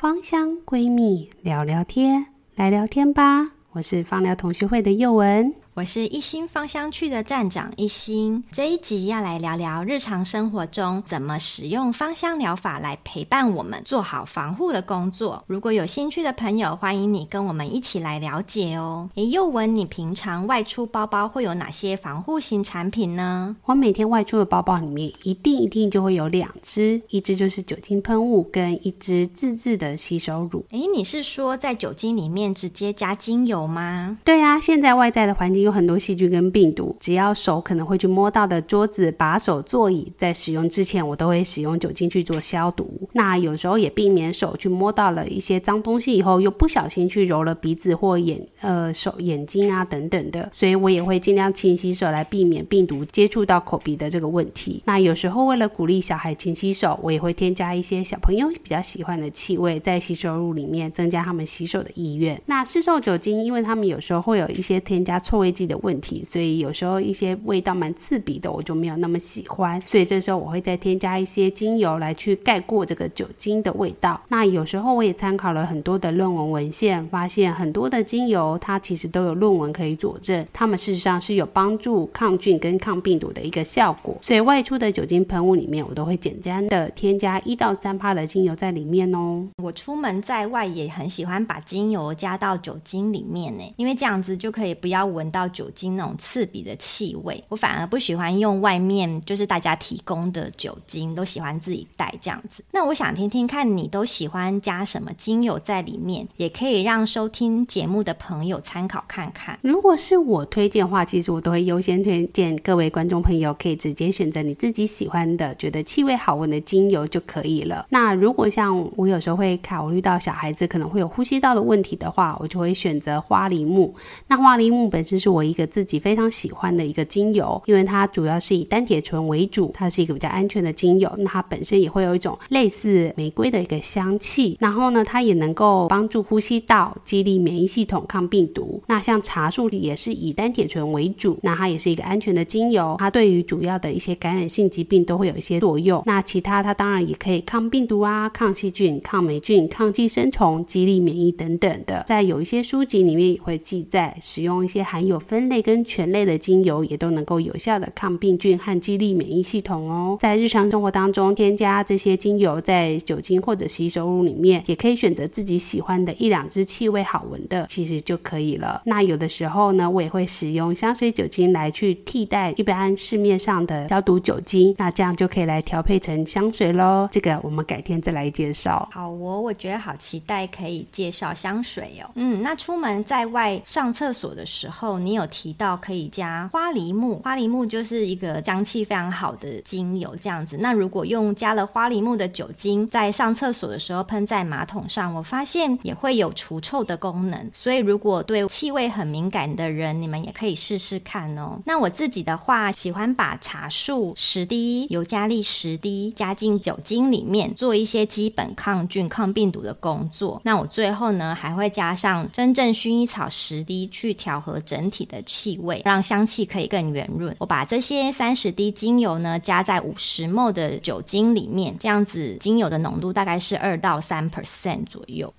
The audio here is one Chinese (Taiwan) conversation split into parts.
芳香閨蜜聊聊天，來聊天吧！我是芳療同學會的宥雯。我是一心芳香趣的站長一心，這一集要來聊聊日常生活中怎麼使用芳香療法來陪伴我們做好防護的工作。如果有興趣的朋友，歡迎你跟我們一起來了解哦、喔。哎、欸，宥雯你平常外出包包會有哪些防護型產品呢？我每天外出的包包裡面，一定一定就會有兩支，一支就是酒精噴霧，跟一支自制的洗手乳。哎、欸，你是說在酒精裡面直接加精油嗎？對啊，現在外在的環境。有很多細菌跟病毒，只要手可能會去摸到的桌子、把手、座椅，在使用之前我都會使用酒精去做消毒。那有時候也避免手去摸到了一些髒東西以後，又不小心去揉了鼻子或眼呃手眼睛啊等等的，所以我也會盡量勤洗手，來避免病毒接觸到口鼻的這個問題。那有時候為了鼓勵小孩勤洗手，我也會添加一些小朋友比較喜歡的氣味在洗手乳裡面，增加他們洗手的意願。那市售酒精，因為他們有時候會有一些添加臭味。的問題，所以有時候一些味道蠻刺鼻的，我就沒有那麼喜歡。所以這時候我會再添加一些精油來去蓋過這個酒精的味道。那有時候我也參考了很多的論文文獻，發現很多的精油它其實都有論文可以佐證，它們事實上是有幫助抗菌跟抗病毒的一個效果。所以外出的酒精噴霧裡面，我都會簡單的添加一到三趴的精油在裡面哦。我出門在外也很喜歡把精油加到酒精裡面呢、欸，因為這樣子就可以不要聞到。酒精那種刺鼻的氣味，我反而不喜歡用外面就是大家提供的酒精，都喜歡自己帶這樣子。那我想聽聽看你都喜歡加什麼精油在裡面，也可以讓收聽節目的朋友參考看看。如果是我推薦的話，其實我都會優先推薦各位觀眾朋友可以直接選擇你自己喜歡的、覺得氣味好聞的精油就可以了。那如果像我有時候會考慮到小孩子可能會有呼吸道的問題的話，我就會選擇花梨木。那花梨木本身是。我一個自己非常喜歡的一個精油，因為它主要是以單萜醇為主，它是一個比較安全的精油。那它本身也會有一種類似玫瑰的一個香氣。然後呢，它也能夠幫助呼吸道，激勵免疫系統，抗病毒。那像茶樹也是以單萜醇為主，那它也是一個安全的精油。它對於主要的一些感染性疾病都會有一些作用。那其他它當然也可以抗病毒啊、抗細菌、抗黴菌、抗寄生蟲、激勵免疫等等的。在有一些書籍裡面也會記載，使用一些含有。分類跟全類的精油也都能夠有效的抗病菌和激勵免疫系統哦。在日常生活當中添加這些精油在酒精或者洗手乳裡面，也可以選擇自己喜歡的一兩支氣味好聞的，其實就可以了。那有的時候呢，我也會使用香水酒精來去替代一般市面上的消毒酒精，那這樣就可以來調配成香水嘍。這個我們改天再來介紹。好，我我覺得好期待可以介紹香水哦。嗯，那出門在外上廁所的時候。你有提到可以加花梨木，花梨木就是一個香氣非常好的精油，這樣子。那如果用加了花梨木的酒精，在上廁所的時候噴在馬桶上，我發現也會有除臭的功能。所以如果對氣味很敏感的人，你們也可以試試看哦。那我自己的話，喜歡把茶樹十滴、尤加利十滴加進酒精裡面，做一些基本抗菌、抗病毒的工作。那我最後呢，還會加上真正薰衣草十滴去調和整體。的氣味，讓香氣可以更圓潤。我把這些三十滴精油呢，加在五十毫升的酒精裡面，這樣子精油的濃度大概是二到三 percent 左右。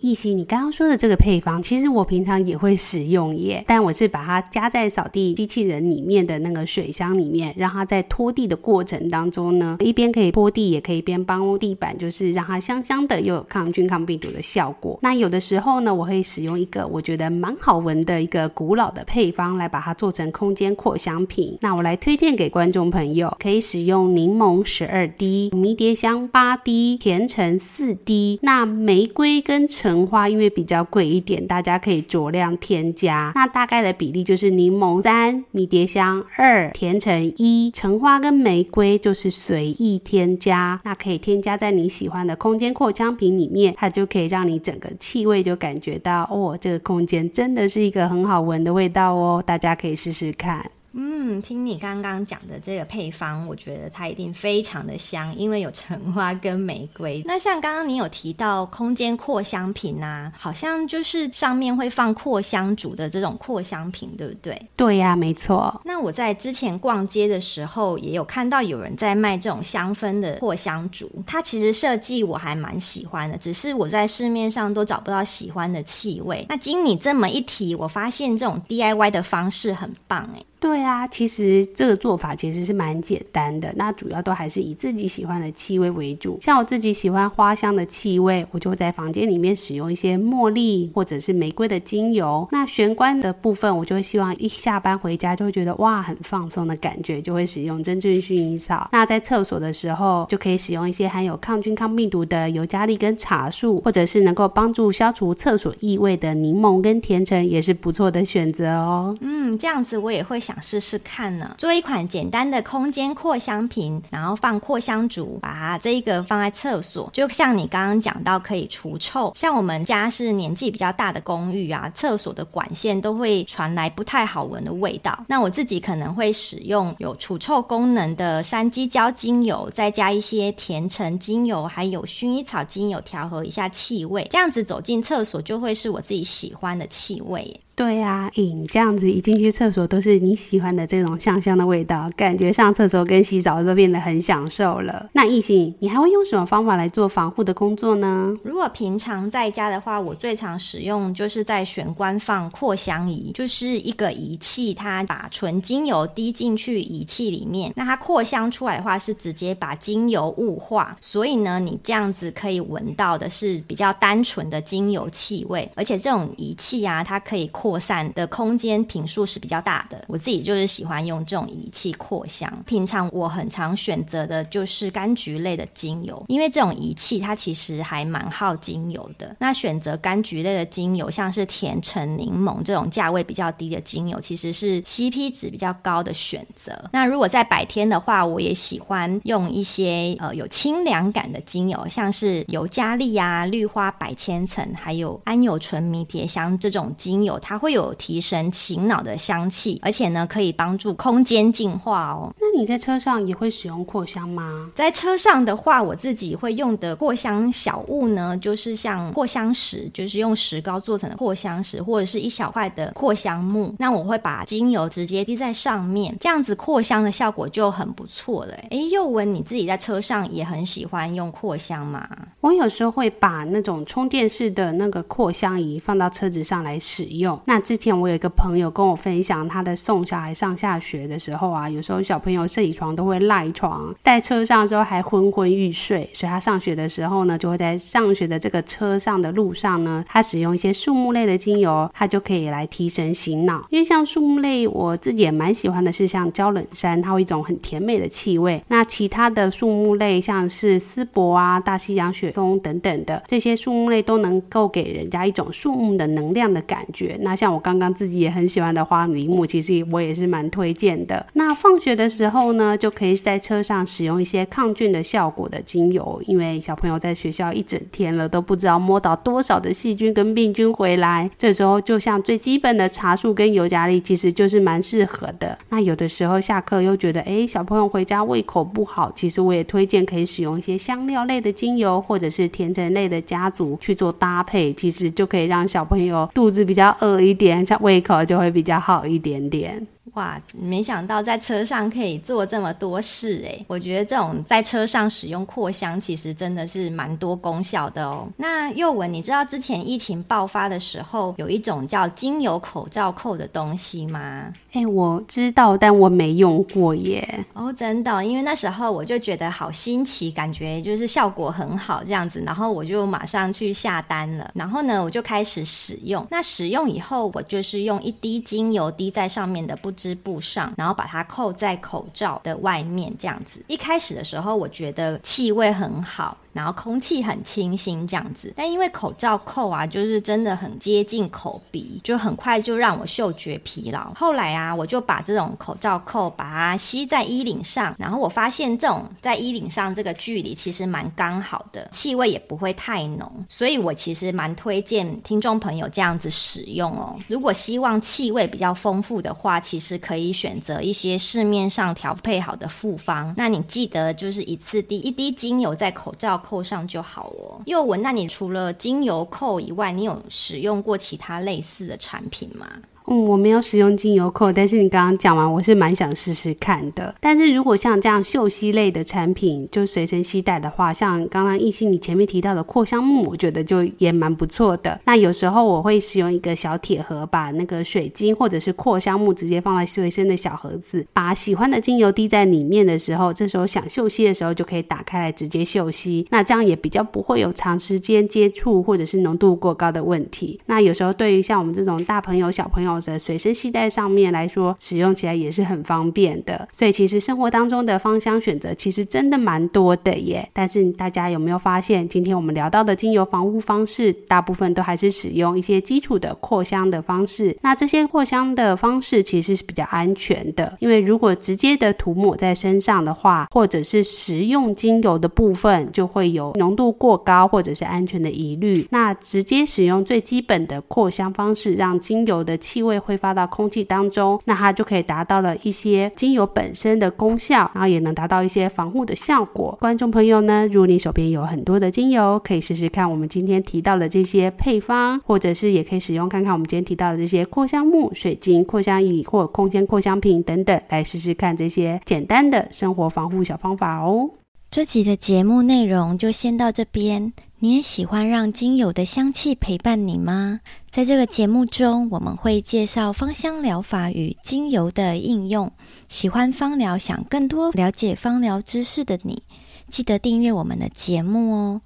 一心，你剛剛說的這個配方，其實我平常也會使用耶。但我是把它加在掃地機器人裡面的那個水箱裡面，讓它在拖地的過程當中呢，一邊可以拖地，也可以邊幫地板，就是讓它香香的，又有抗菌抗病毒的效果。那有的時候呢，我會使用一個我覺得蠻好聞的一個古老的配方來把它做成空間擴香瓶。那我來推薦給觀眾朋友，可以使用檸檬十二滴，迷迭香八滴，甜橙四滴，那玫瑰跟橙。橙花因為比較貴一點，大家可以酌量添加。那大概的比例就是檸檬三、迷迭香二、甜橙一、橙花跟玫瑰就是隨意添加。那可以添加在你喜歡的空間擴香瓶裡面，它就可以讓你整個氣味就感覺到哦，這個空間真的是一個很好聞的味道哦，大家可以試試看。嗯，聽你剛剛講的這個配方，我覺得它一定非常的香，因為有橙花跟玫瑰。那像剛剛你有提到空間擴香瓶吶、啊，好像就是上面會放擴香竹的這種擴香瓶，對不對？對呀、啊，沒錯。那我在之前逛街的時候也有看到有人在賣這種香氛的擴香竹，它其實設計我還蠻喜歡的，只是我在市面上都找不到喜歡的氣味。那經你這麼一提，我發現這種 DIY 的方式很棒，欸對啊，其實這個做法其實是蠻簡單的。那主要都還是以自己喜歡的氣味為主。像我自己喜歡花香的氣味，我就會在房間裡面使用一些茉莉或者是玫瑰的精油。那玄關的部分，我就會希望一下班回家就會覺得哇很放鬆的感覺，就會使用真正薰衣草。那在廁所的時候，就可以使用一些含有抗菌抗病毒的尤加利跟茶樹，或者是能夠幫助消除廁所異味的檸檬跟甜橙，也是不錯的選擇哦。嗯，這樣子我也會。想試試看呢，做一款簡單的空間擴香瓶，然後放擴香竹，把它這一個放在廁所，就像你剛剛講到可以除臭。像我們家是年紀比較大的公寓啊，廁所的管線都會傳來不太好聞的味道。那我自己可能會使用有除臭功能的山雞椒精油，再加一些甜橙精油，還有薰衣草精油調和一下氣味，這樣子走進廁所就會是我自己喜歡的氣味。對啊，誒，你這樣子一進去廁所都是你喜歡的這種香香的味道，感覺上廁所跟洗澡都變得很享受了。那一心，你還會用什麼方法來做防護的工作呢？如果平常在家的話，我最常使用就是在玄關放擴香儀，就是一個儀器，它把純精油滴進去儀器裡面，那它擴香出來的話是直接把精油霧化，所以呢，你這樣子可以聞到的是比較單純的精油氣味，而且這種儀器啊，它可以擴。擴散的空間坪數是比較大的。我自己就是喜歡用這種儀器擴香。平常我很常選擇的就是柑橘類的精油，因為這種儀器它其實還蠻耗精油的。那選擇柑橘類的精油，像是甜橙、檸檬這種價位比較低的精油，其實是 CP 值比較高的選擇。那如果在白天的話，我也喜歡用一些呃有清涼感的精油，像是尤加利呀、啊、綠花白千層，還有桉油醇迷迭香這種精油，它。會有提神醒腦的香氣，而且呢，可以幫助空間淨化哦。那你在車上也會使用擴香嗎？在車上的話，我自己會用的擴香小物呢，就是像擴香石，就是用石膏做成的擴香石，或者是一小塊的擴香木。那我會把精油直接滴在上面，這樣子擴香的效果就很不錯了。誒，宥雯，你自己在車上也很喜歡用擴香嗎？我有時候會把那種充電式的那個擴香儀放到車子上來使用。那之前我有一個朋友跟我分享，他的送小孩上下學的時候啊，有時候小朋友睡起床都會賴床，在車上之後還昏昏欲睡，所以他上學的時候呢，就會在上學的這個車上的路上呢，他使用一些樹木類的精油，他就可以來提神醒腦。因為像樹木類，我自己也蠻喜歡的是像膠冷杉，它有一種很甜美的氣味。那其他的樹木類，像是絲柏啊、大西洋雪。風等等的這些樹木類都能夠給人家一種樹木的能量的感覺。那像我剛剛自己也很喜歡的花梨木，其實我也是蠻推薦的。那放學的時候呢，就可以在車上使用一些抗菌的效果的精油，因為小朋友在學校一整天了，都不知道摸到多少的細菌跟病菌回來。這時候就像最基本的茶樹跟尤加利，其實就是蠻適合的。那有的時候下課又覺得，誒，小朋友回家胃口不好，其實我也推薦可以使用一些香料類的精油或或者是甜橙類的家族去做搭配，其實就可以讓小朋友肚子比較餓一點，像胃口就會比較好一點點。哇，沒想到在車上可以做這麼多事哎！我覺得這種在車上使用擴香，其實真的是蠻多功效的哦。那宥雯，你知道之前疫情爆發的時候，有一種叫精油口罩扣的東西嗎？哎，我知道，但我沒用過耶。哦，真的哦？因為那時候我就覺得好新奇，感覺就是效果很好這樣子，然後我就馬上去下單了。然後呢，我就開始使用。那使用以後，我就是用一滴精油滴在上面的，不知。織布上，然後把它扣在口罩的外面，這樣子。一開始的時候，我覺得氣味很好。然後空氣很清新這樣子，但因為口罩扣啊，就是真的很接近口鼻，就很快就讓我嗅覺疲勞。後來啊，我就把這種口罩扣把它吸在衣領上，然後我發現這種在衣領上這個距離其實蠻剛好的，氣味也不會太濃，所以我其實蠻推薦聽眾朋友這樣子使用哦。如果希望氣味比較豐富的話，其實可以選擇一些市面上調配好的複方。那你記得就是一次滴一滴精油在口罩扣。釦上就好哦。宥雯，那你除了精油釦以外，你有使用過其他類似的產品嗎？嗯，我沒有使用精油扣，但是你剛剛講完，我是蠻想試試看的。但是如果像這樣嗅吸類的產品，就隨身攜帶的話，像剛剛一心你前面提到的擴香木，我覺得就也蠻不錯的。那有時候我會使用一個小鐵盒，把那個水晶或者是擴香木直接放在隨身的小盒子，把喜歡的精油滴在裡面的時候，這時候想嗅吸的時候就可以打開來直接嗅吸。那這樣也比較不會有長時間接觸或者是濃度過高的問題。那有時候對於像我們這種大朋友小朋友，在隨身攜帶上面來說，使用起來也是很方便的。所以其實生活當中的芳香選擇其實真的蠻多的耶。但是大家有沒有發現，今天我們聊到的精油防護方式，大部分都還是使用一些基礎的擴香的方式。那這些擴香的方式其實是比較安全的，因為如果直接的塗抹在身上的話，或者是食用精油的部分，就會有濃度過高或者是安全的疑慮。那直接使用最基本的擴香方式，讓精油的氣氣味揮發到空氣當中，那它就可以達到了一些精油本身的功效，然後也能達到一些防護的效果。觀眾朋友呢，如果你手邊有很多的精油，可以試試看我們今天提到的這些配方，或者是也可以使用看看我們今天提到的這些擴香木、水晶擴香椅或空間擴香瓶等等，來試試看這些簡單的生活防護小方法哦。這集的節目內容就先到這邊。你也喜歡讓精油的香氣陪伴你嗎？在這個節目中，我們會介紹芳香療法與精油的應用。喜歡芳療、想更多了解芳療知識的你，記得訂閱我們的節目哦。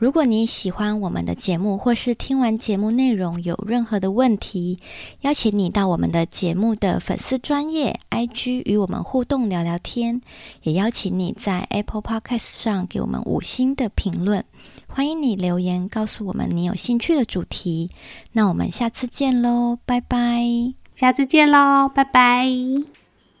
如果你喜歡我們的節目，或是聽完節目內容有任何的問題，邀請你到我們的節目的粉絲專頁 IG 與我們互動聊聊天，也邀請你在 Apple Podcast 上給我們五星的評論。歡迎你留言告訴我們你有興趣的主題。那我們下次見嘍，拜拜！下次見嘍，拜拜！